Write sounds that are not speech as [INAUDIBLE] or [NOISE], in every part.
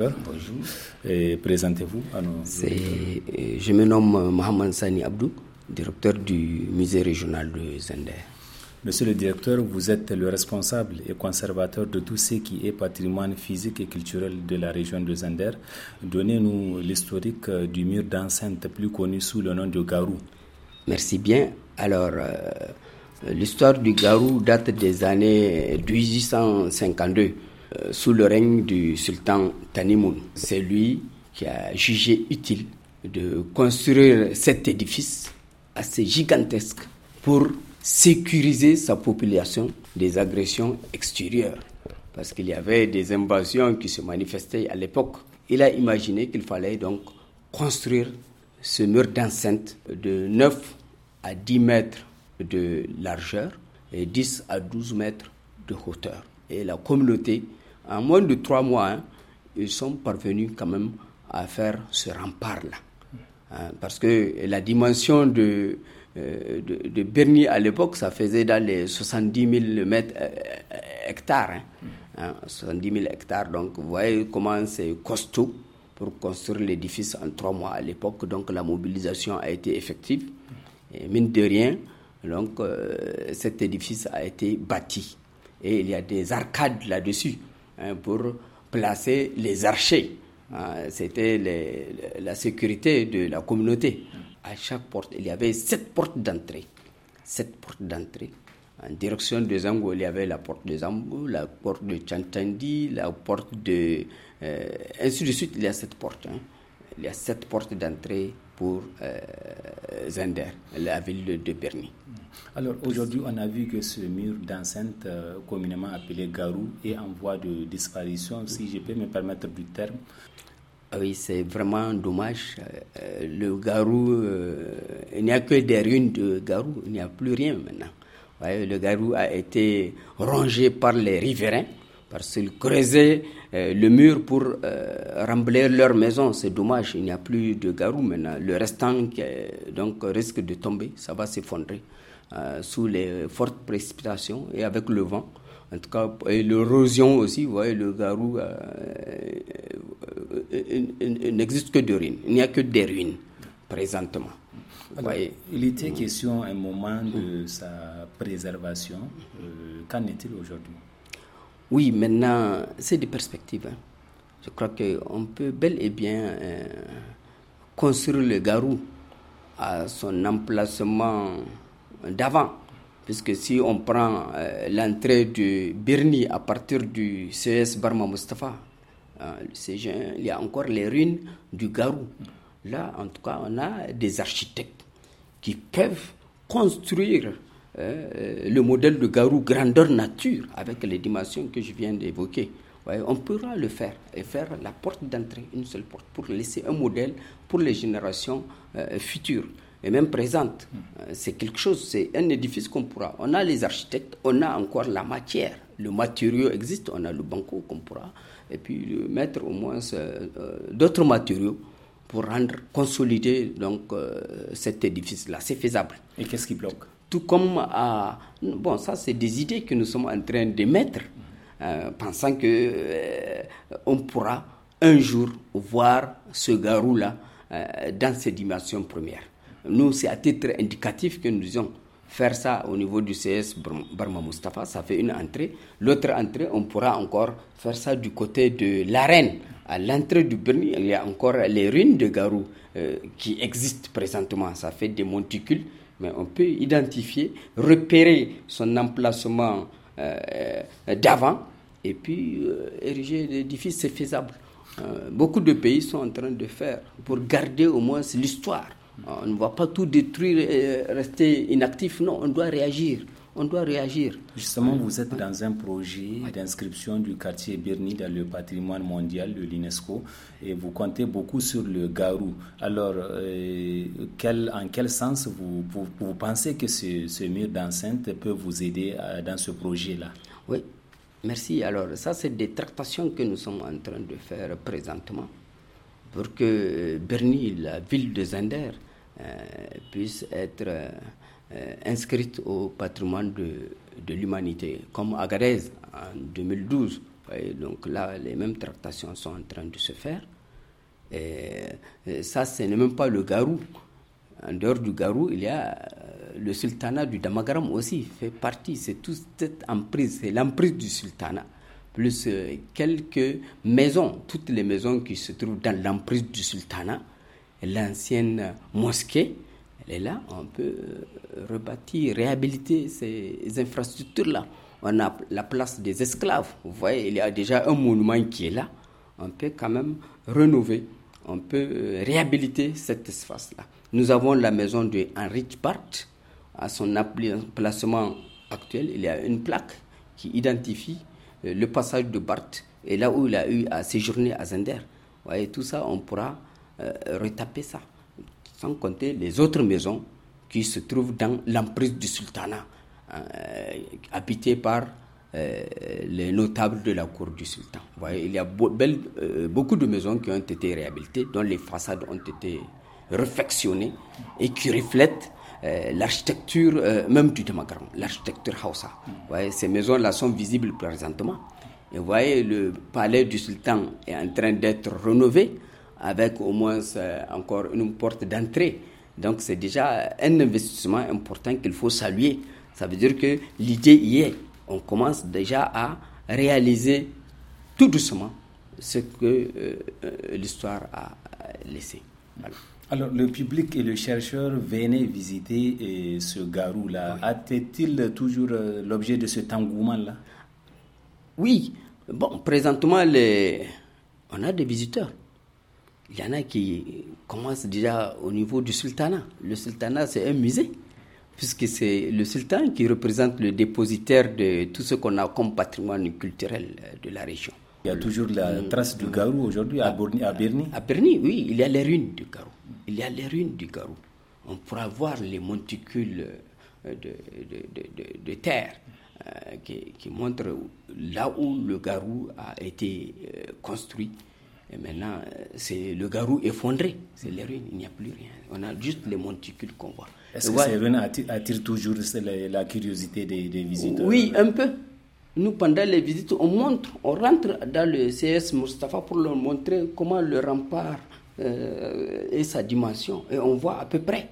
Bonjour et présentez-vous euh, Je me nomme euh, Mohamed Sani Abdou, directeur du musée régional de Zender. Monsieur le directeur, vous êtes le responsable et conservateur de tout ce qui est patrimoine physique et culturel de la région de Zender. Donnez-nous l'historique euh, du mur d'enceinte plus connu sous le nom de Garou. Merci bien. Alors, l'histoire du Garou date des années 1852 euh, sous le règne du sultan Tanimoun. C'est lui qui a jugé utile de construire cet édifice assez gigantesque pour sécuriser sa population des agressions extérieures. Parce qu'il y avait des invasions qui se manifestaient à l'époque. Il a imaginé qu'il fallait donc construire ce mur d'enceinte de 9 à 10 mètres de largeur et 10 à 12 mètres de hauteur. Et la communauté en moins de trois mois, hein, ils sont parvenus quand même à faire ce rempart-là. Hein, parce que la dimension de, euh, de, à l'époque, ça faisait dans les 70 000 mètres, euh, euh, hectares. 70 hein. 000 mm. hectares. Donc, vous voyez comment c'est costaud pour construire l'édifice en trois mois à l'époque. Donc, la mobilisation a été effective. Et mine de rien, donc, cet édifice a été bâti. Et il y a des arcades là-dessus. Hein, pour placer les archers. Ah, c'était la sécurité de la communauté. À chaque porte, il y avait sept portes d'entrée. Sept portes d'entrée. En direction de Zango, il y avait la porte de Zambo, la porte de Chantandi, la porte de... Euh, ainsi de suite, il y a sept portes. Hein. Il y a sept portes d'entrée pour euh, Zender, la ville de Bernie. Alors aujourd'hui, on a vu que ce mur d'enceinte, euh, communément appelé Garou, est en voie de disparition, si je peux me permettre du terme. Oui, c'est vraiment dommage. Euh, le Garou, il n'y a que des ruines de Garou, il n'y a plus rien maintenant. le Garou a été rongé par les riverains parce qu'ils creusaient euh, le mur pour euh, remblayer leur maison. C'est dommage, il n'y a plus de garou maintenant. Le restant donc, risque de tomber, ça va s'effondrer euh, sous les fortes précipitations et avec le vent. En tout cas, et l'érosion aussi, vous voyez, le garou euh, n'existe que de ruines. Il n'y a que des ruines présentement. Il était question à un moment de sa préservation. Qu'en est-il aujourd'hui oui, maintenant, c'est des perspectives. Hein. Je crois qu'on peut bel et bien euh, construire le garou à son emplacement d'avant. Puisque si on prend euh, l'entrée de Birni à partir du CS Barma Mustafa, euh, il y a encore les ruines du Garou. Là, en tout cas, on a des architectes qui peuvent construire euh, le modèle de Garou grandeur nature avec les dimensions que je viens d'évoquer. on pourra le faire et faire la porte d'entrée, une seule porte, pour laisser un modèle pour les générations euh, futures et même présentes. Hmm. Euh, c'est quelque chose, c'est un édifice qu'on pourra. On a les architectes, on a encore la matière. Le matériau existe, on a le banco qu'on pourra, et puis mettre au moins d'autres matériaux pour rendre consolider donc cet édifice-là. C'est faisable. Et qu'est-ce qui bloque tout comme à... Euh, bon, ça, c'est des idées que nous sommes en train d'émettre, mettre, euh, pensant que euh, pourra un jour voir ce garou-là dans ses dimensions premières. Nous, c'est à titre indicatif que nous allons faire ça au niveau du CS Barma Mustafa, ça fait une entrée. L'autre entrée, on pourra encore faire ça du côté de l'arène. À l'entrée du Berni, il y a encore les ruines de Garou qui existent présentement. Ça fait des monticules mais on peut identifier, repérer son emplacement euh, euh, d'avant et puis euh, ériger l'édifice, c'est faisable. beaucoup de pays sont en train de faire pour garder au moins l'histoire. On ne va pas tout détruire et rester inactif, non, on doit réagir on doit réagir. Justement, vous êtes dans un projet d'inscription du quartier Berni dans le patrimoine mondial de l'UNESCO et vous comptez beaucoup sur le Garou. Alors, euh, quel, en quel sens vous, pensez que ce, mur d'enceinte peut vous aider euh, dans ce projet-là Oui, merci. Alors, ça, c'est des tractations que nous sommes en train de faire présentement pour que euh, Berni, la ville de Zender, puisse être... Euh, inscrite au patrimoine de, de l'humanité, comme Agadez en 2012. donc là, les mêmes tractations sont en train de se faire. Et ça, ce n'est même pas le Garou. En dehors du Garou, il y a euh, le sultanat du Damagaram aussi fait partie. C'est toute cette emprise, c'est l'emprise du sultanat, plus euh, quelques maisons, toutes les maisons qui se trouvent dans l'emprise du sultanat, l'ancienne mosquée, elle est là, on peut euh, rebâtir, réhabiliter ces infrastructures-là. On a la place des esclaves. Vous voyez, il y a déjà un monument qui est là. On peut quand même rénover, on peut euh, réhabiliter cet espace-là. Nous avons la maison de Henrich Bart À son emplacement actuel, il y a une plaque qui identifie euh, le passage de Barth et là où il a eu à séjourner à Zender. Vous voyez, tout ça, on pourra retaper ça sans compter les autres maisons qui se trouvent dans l'emprise du sultanat, euh, habitées par euh, les notables de la cour du sultan. Vous voyez, il y a euh, beaucoup de maisons qui ont été réhabilitées, dont les façades ont été réfectionnées et qui reflètent l'architecture même du Damagran, l'architecture Hausa. ces maisons-là sont visibles présentement. Et vous voyez, le palais du sultan est en train d'être rénové avec au moins euh, encore une porte d'entrée. Donc c'est déjà un investissement important qu'il faut saluer. Ça veut dire que l'idée y est. On commence déjà à réaliser tout doucement ce que euh, euh, l'histoire a laissé. Alors, le public et le chercheur venaient visiter ce garou-là. t il toujours l'objet de cet engouement-là Oui. Bon, présentement, les... on a des visiteurs. Il y en a qui commencent déjà au niveau du sultanat. Le sultanat, c'est un musée, puisque c'est le sultan qui représente le dépositaire de tout ce qu'on a comme patrimoine culturel euh, de la région. Il y a toujours la mm. trace du Garou aujourd'hui à, Berni. À, Berni, oui, il y a les ruines du Garou. Il y a les ruines du Garou. On pourra voir les monticules euh, de, terre euh, qui, montrent là où le Garou a été construit. Et maintenant, euh, c'est le garou effondré. C'est les ruines, il n'y a plus rien. On a juste les monticules qu'on voit. Est-ce que ces ruines attirent, toujours la, curiosité des, visiteurs Oui, un peu. Nous, pendant les visites, on montre, on rentre dans le CS Mustapha pour leur montrer comment le rempart euh, et sa dimension. Et on voit à peu près.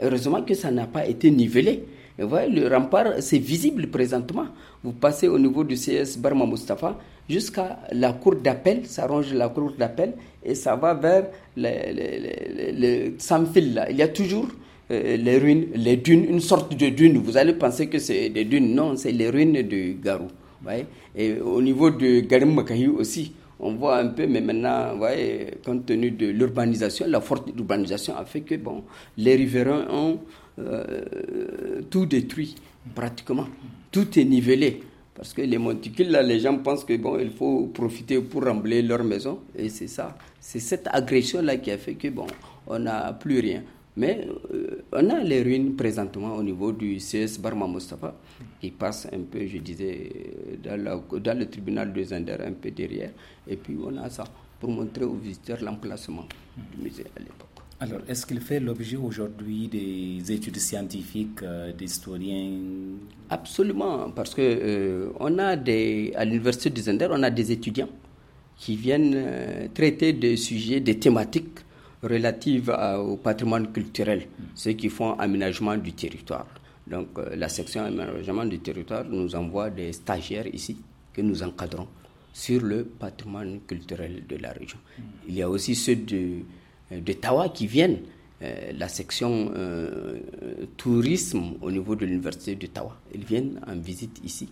Heureusement que ça n'a pas été nivelé. le rempart, c'est visible présentement. Vous passez au niveau du CS Barma Mustapha, jusqu'à la cour d'appel, ça range la cour d'appel et ça va vers le, Samfil. Il y a toujours euh, les ruines, les dunes, une sorte de dunes. Vous allez penser que c'est des dunes, non, c'est les ruines de Garou. et au niveau de Garim aussi, on voit un peu, mais maintenant, compte tenu de l'urbanisation, la forte urbanisation a fait que bon, les riverains ont euh, tout détruit, pratiquement. Tout est nivelé. Parce que les monticules, là, les gens pensent que bon, il faut profiter pour rembler leur maison. Et c'est ça. C'est cette agression-là qui a fait que bon, on n'a plus rien. Mais euh, on a les ruines présentement au niveau du CS Barma Mustafa, qui passe un peu, je disais, dans, dans le tribunal de Zender, un peu derrière. Et puis on a ça pour montrer aux visiteurs l'emplacement du musée à l'époque. Alors, est-ce qu'il fait l'objet aujourd'hui des études scientifiques, euh, d'historiens Absolument, parce que euh, on a des, à l'université de Zender, on a des étudiants qui viennent euh, traiter des sujets, des thématiques relatives au patrimoine culturel, hmm. ceux qui font aménagement du territoire. Donc, la section aménagement du territoire nous envoie des stagiaires ici que nous encadrons sur le patrimoine culturel de la région. Hmm. Il y a aussi ceux de euh, de Tawa qui viennent euh, la section euh, tourisme au niveau de l'université Tawa. Ils viennent en visite ici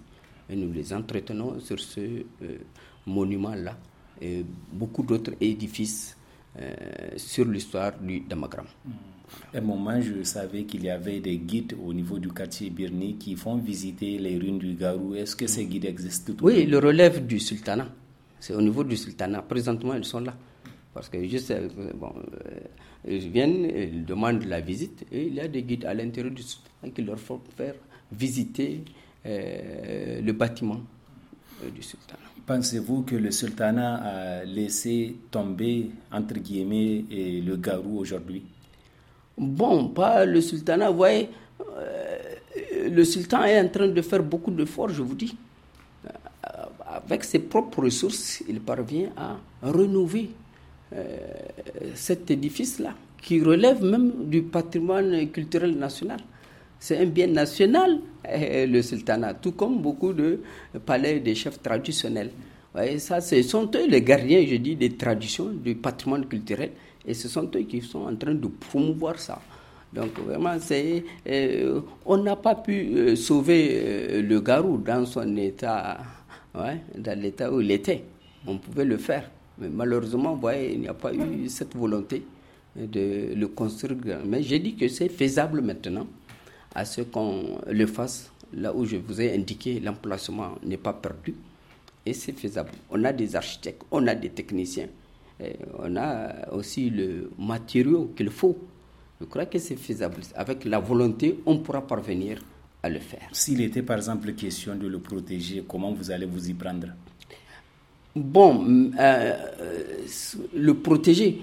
et nous les entretenons sur ce monument-là et beaucoup d'autres édifices sur l'histoire du Damagram. À mmh. un moment, je savais qu'il y avait des guides au niveau du quartier Birni qui font visiter les ruines du Garou. Est-ce que ces guides existent Oui, le relève du sultanat. C'est au niveau du sultanat. Présentement, ils sont là. Parce que juste, bon, euh, ils viennent, ils demandent la visite, et il y a des guides à l'intérieur du sultanat qui leur font faire visiter euh, le bâtiment euh, du sultanat. Pensez-vous que le sultanat a laissé tomber, entre guillemets, et le garou aujourd'hui Bon, pas le sultanat, voyez, le sultan est en train de faire beaucoup d'efforts, je vous dis. Avec ses propres ressources, il parvient à renouveler euh, cet édifice-là, qui relève même du patrimoine culturel national. C'est un bien national, euh, le sultanat, tout comme beaucoup de palais des chefs traditionnels. voyez, ça, ce sont eux les gardiens, je dis, des traditions, du patrimoine culturel. Et ce sont eux qui sont en train de promouvoir ça. Donc vraiment, c'est, euh, on n'a pas pu sauver le garou dans son état, dans l'état où il était. On pouvait le faire. Mais malheureusement, il n'y a pas eu cette volonté de le construire. Mais j'ai dit que c'est faisable maintenant à ce qu'on le fasse là où je vous ai indiqué l'emplacement n'est pas perdu et c'est faisable. On a des architectes, on a des techniciens, on a aussi le matériau qu'il faut. Je crois que c'est faisable. Avec la volonté, on pourra parvenir à le faire. S'il était par exemple question de le protéger, comment vous allez vous y prendre bon, euh, euh, le protéger.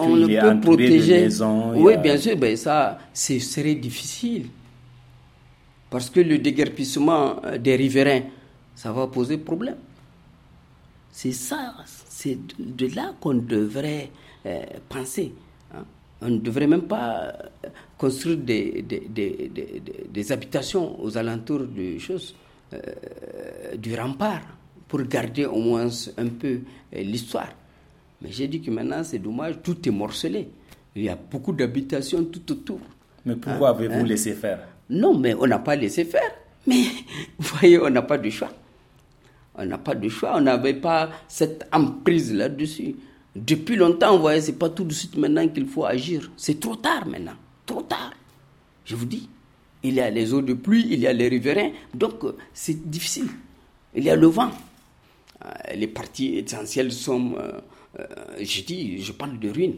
on le peut protéger. oui, bien sûr, ben ça, ce serait difficile. Parce que le déguerpissement euh, des riverains, ça va poser problème. C'est ça, c'est de là qu'on devrait penser. Hein. On ne devrait même pas construire des, des, habitations aux alentours de choses, du rempart pour garder au moins un peu euh, l'histoire. Mais j'ai dit que maintenant, c'est dommage, tout est morcelé. Il y a beaucoup d'habitations tout autour. Mais pourquoi hein? avez-vous hein? laissé faire Non, mais on n'a pas laissé faire. Mais [LAUGHS] vous voyez, on n'a pas de choix. On n'a pas de choix, on n'avait pas cette emprise là-dessus. Depuis longtemps, vous voyez, ce n'est pas tout de suite maintenant qu'il faut agir. C'est trop tard maintenant, trop tard. Je vous dis, il y a les eaux de pluie, il y a les riverains, donc euh, c'est difficile. Il y a le vent. Euh, les parties essentielles sont, euh, euh, je dis, je parle de ruines,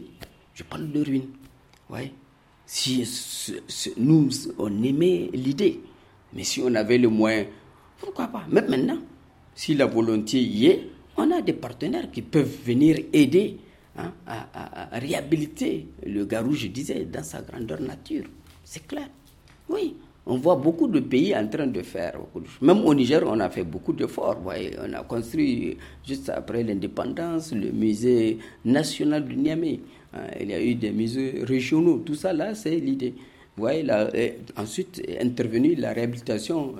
je parle de ruines. Ouais. Si nous, on aimait l'idée, mais si on avait le moyen, pourquoi pas Même maintenant, si la volonté y est, on a des partenaires qui peuvent venir aider hein, à, à, réhabiliter le garou, je disais, dans sa grandeur nature. C'est clair. Oui, on voit beaucoup de pays en train de faire. Même au Niger, on a fait beaucoup d'efforts. On a construit, juste après l'indépendance, le musée national du Niamey. Hein, il y a eu des musées régionaux. Tout ça, là, c'est l'idée. voyez, ensuite est intervenue la réhabilitation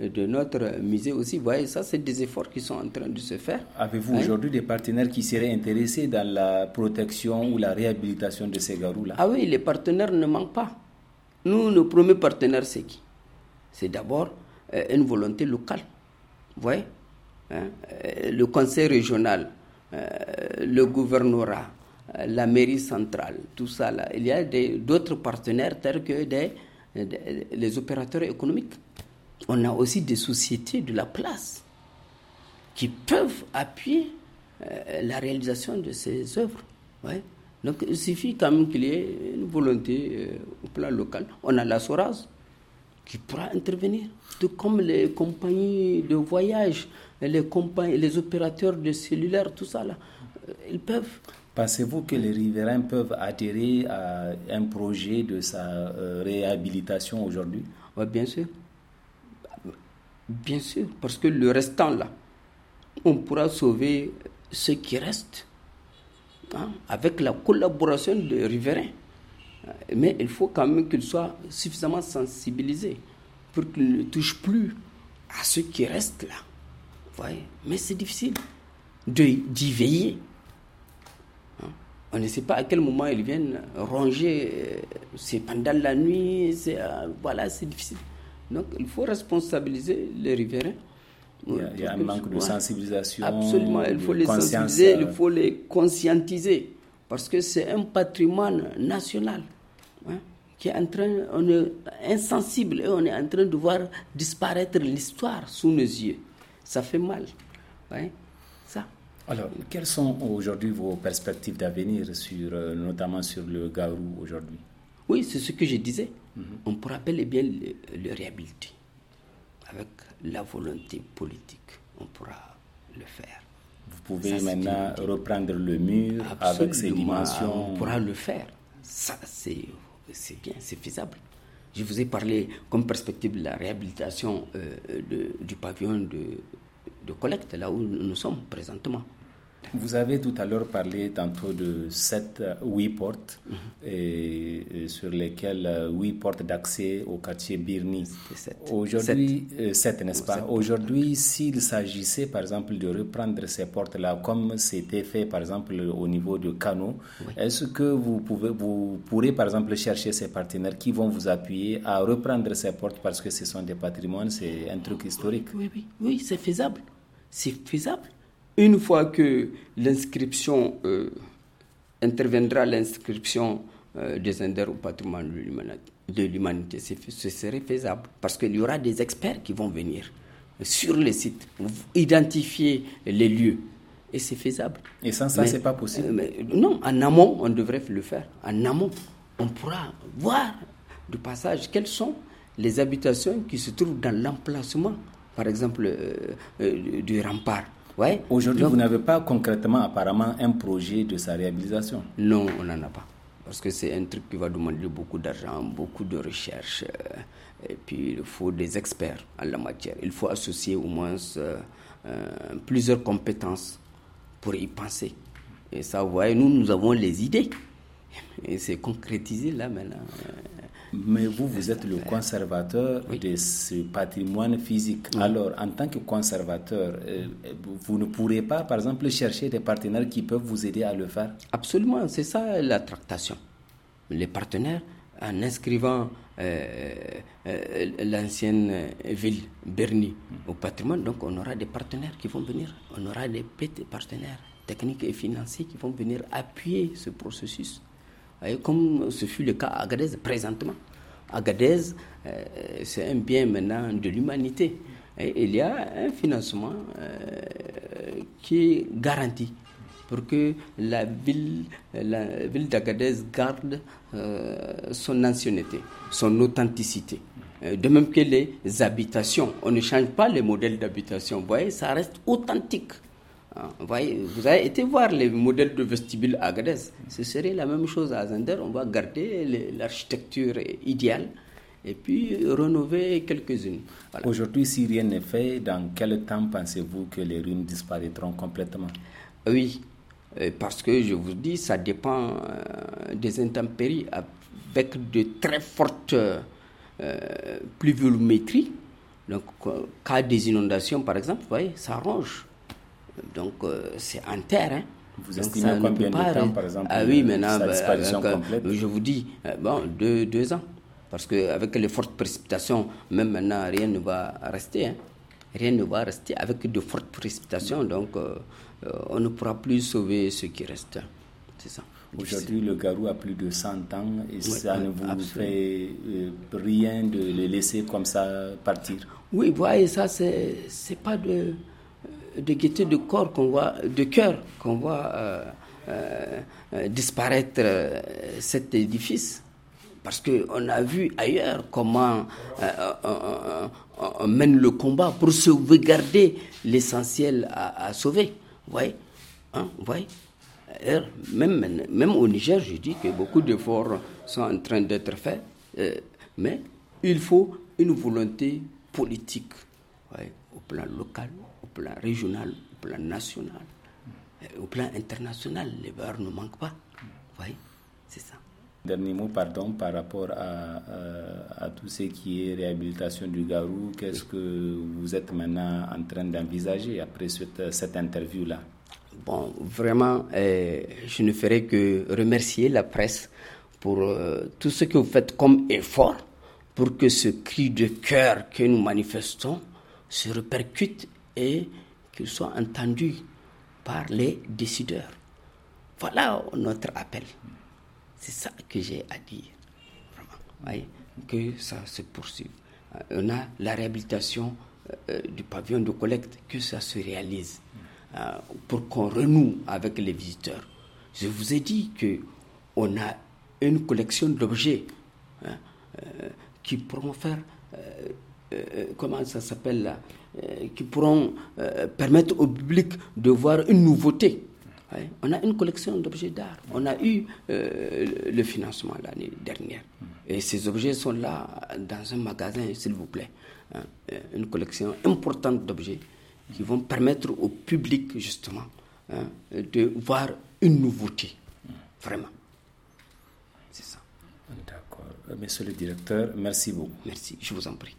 euh, de notre musée aussi. voyez, ça, c'est des efforts qui sont en train de se faire. Avez-vous hein? aujourd'hui des partenaires qui seraient intéressés dans la protection ou la réhabilitation de ces garous-là Ah oui, les partenaires ne manquent pas. Nous, nos premiers partenaires, c'est qui C'est d'abord euh, une volonté locale. Vous voyez hein? euh, Le conseil régional, euh, le gouvernorat, la mairie centrale, tout ça. Là. Il y a d'autres partenaires tels que les opérateurs économiques. On a aussi des sociétés de la place qui peuvent appuyer la réalisation de ces œuvres. Donc il suffit quand même qu'il y ait une volonté euh, au plan local. On a la SORAS qui pourra intervenir, tout comme les compagnies de voyage, les, compagnies, les opérateurs de cellulaire, tout ça là. Euh, ils peuvent. Pensez-vous que les riverains peuvent adhérer à un projet de sa euh, réhabilitation aujourd'hui Oui, bien sûr. Bien sûr, parce que le restant là, on pourra sauver ce qui reste Hein, avec la collaboration des riverains. Euh, mais il faut quand même qu'ils soient suffisamment sensibilisés pour qu'ils ne touchent plus à ceux qui restent là. Voyez Mais c'est difficile d'y veiller. Hein. On ne sait pas à quel moment ils viennent ranger. Euh, c'est pendant la nuit, c'est, euh, voilà, c'est difficile. Donc il faut responsabiliser les riverains il y a, un manque de sensibilisation. Absolument, il faut les sensibiliser, il euh, faut les conscientiser, parce que c'est un patrimoine national hein, qui est en train, on est insensible et on est en train de voir disparaître l'histoire sous nos yeux. Ça fait mal. Hein, ça. Alors, quelles sont aujourd'hui vos perspectives d'avenir, sur, euh, notamment sur le Garou aujourd'hui Oui, c'est ce que je disais. Mhm. On pourrait appeler bien le, le réhabiliter avec la volonté politique, on pourra le faire. Vous pouvez maintenant reprendre le mur avec ses dimensions. On pourra le faire. Ça, c'est bien, c'est faisable. Je vous ai parlé comme perspective de la réhabilitation euh, du pavillon de, de collecte, là où nous sommes présentement. Vous avez tout à l'heure parlé tantôt de sept, euh, huit portes mhm. et, sur lesquelles euh, huit portes d'accès au quartier Birni. Aujourd'hui, euh, sept. n'est-ce pas Aujourd'hui, s'il s'agissait par exemple de reprendre ces portes-là, comme c'était fait par exemple au niveau de Cano, est-ce que vous, pouvez, vous pourrez par exemple chercher ces partenaires qui vont vous appuyer à reprendre ces portes parce que ce sont des patrimoines, c'est un truc historique Oui, oui, oui c'est faisable. C'est faisable. Une fois que l'inscription euh, interviendra, l'inscription euh, des Indiens au patrimoine de l'humanité, ce serait faisable parce qu'il y aura des experts qui vont venir sur les sites, identifier les lieux. Et c'est faisable. Et sans ça, c'est pas possible. Euh, non, en amont, on devrait le faire. En amont, on pourra voir du passage quelles sont les habitations qui se trouvent dans l'emplacement, par exemple, du rempart. Aujourd'hui, vous n'avez pas concrètement, apparemment, un projet de sa réhabilitation Non, on n'en a pas. Parce que c'est un truc qui va demander beaucoup d'argent, beaucoup de recherche. Euh, et puis, il faut des experts en la matière. Il faut associer au moins euh, euh, plusieurs compétences pour y penser. Et ça, vous voyez, nous, nous avons les idées. Et c'est concrétisé là maintenant. Mais vous, vous êtes le conservateur de ce patrimoine physique. Alors, en tant que conservateur, euh, euh, vous ne pourrez pas, par exemple, chercher des partenaires qui peuvent vous aider à le faire Absolument, c'est ça la tractation. Les partenaires, en inscrivant euh, l'ancienne ville Bernie hmm. au patrimoine, donc on aura des partenaires qui vont venir, on aura des petits partenaires techniques et financiers qui vont venir appuyer ce processus comme ce fut le cas à Agadez présentement. Agadez, euh, c'est un bien maintenant de l'humanité. il y a un financement euh, qui est garanti pour que la ville, la ville d'Agadez garde euh, son ancienneté, son authenticité. De même que les habitations, on ne change pas les modèles d'habitation, vous voyez, ça reste authentique. Ah, vous, voyez, vous, avez été voir les modèles de vestibule à Gadez. Ce serait la même chose à Zender. On va garder l'architecture idéale et puis rénover quelques-unes. Aujourd'hui, si rien n'est fait, dans quel temps pensez-vous que les ruines disparaîtront complètement Oui, euh, parce que je vous dis, ça dépend euh, des intempéries avec de très fortes euh, pluviométries. Donc, cas des inondations, par exemple, vous voyez, ça range. Donc, euh, c'est en terre. Hein. Vous estimez combien de temps, par exemple Ah oui, maintenant, sa bah, disparition complète. je vous dis, euh, bon, deux, deux ans. Parce qu'avec les fortes précipitations, même maintenant, rien ne va rester. Hein. Rien ne va rester avec de fortes précipitations. Donc, euh, on ne pourra plus sauver ce qui reste. C'est ça. Aujourd'hui, le garou a plus de 100 ans et ça ne vous fait rien de le laisser comme ça partir. Oui, vous voyez, ça, c'est pas de de gaieté de corps qu'on voit, de cœur qu'on voit euh, euh, euh, disparaître cet édifice. Parce qu'on a vu ailleurs comment on, mène le combat pour se sauvegarder l'essentiel à, sauver. Vous hein, même, au Niger, je dis que beaucoup d'efforts sont en train d'être faits, mais il faut une volonté politique au plan local, plan régional, au plan national, au plan international. Les barres ne manquent pas. Vous voyez C'est ça. Dernier mot, pardon, par rapport à, tout ce qui est réhabilitation du Garou, qu'est-ce que vous êtes maintenant en train d'envisager après cette, interview-là Bon, vraiment, euh, je ne ferai que remercier la presse pour euh, tout ce que vous faites comme effort pour que ce cri de cœur que nous manifestons se répercute et qu'ils soient entendus par les décideurs. Voilà notre appel. C'est ça que j'ai à dire. que ça se poursuive. On a la réhabilitation euh, euh, du pavillon de collecte, que ça se réalise euh, pour qu'on renoue avec les visiteurs. Je vous ai dit que on a une collection d'objets hein, qui pourront faire euh, euh, comment ça s'appelle là, euh, qui pourront permettre au public de voir une nouveauté. On a une collection d'objets d'art. On a eu le financement l'année dernière. Et ces objets sont là dans un magasin, s'il vous plaît. Hein. Une collection importante d'objets qui vont permettre au public, justement, hein, de voir une nouveauté. Vraiment. C'est ça. D'accord. Monsieur le directeur, merci beaucoup. Merci, je vous en prie.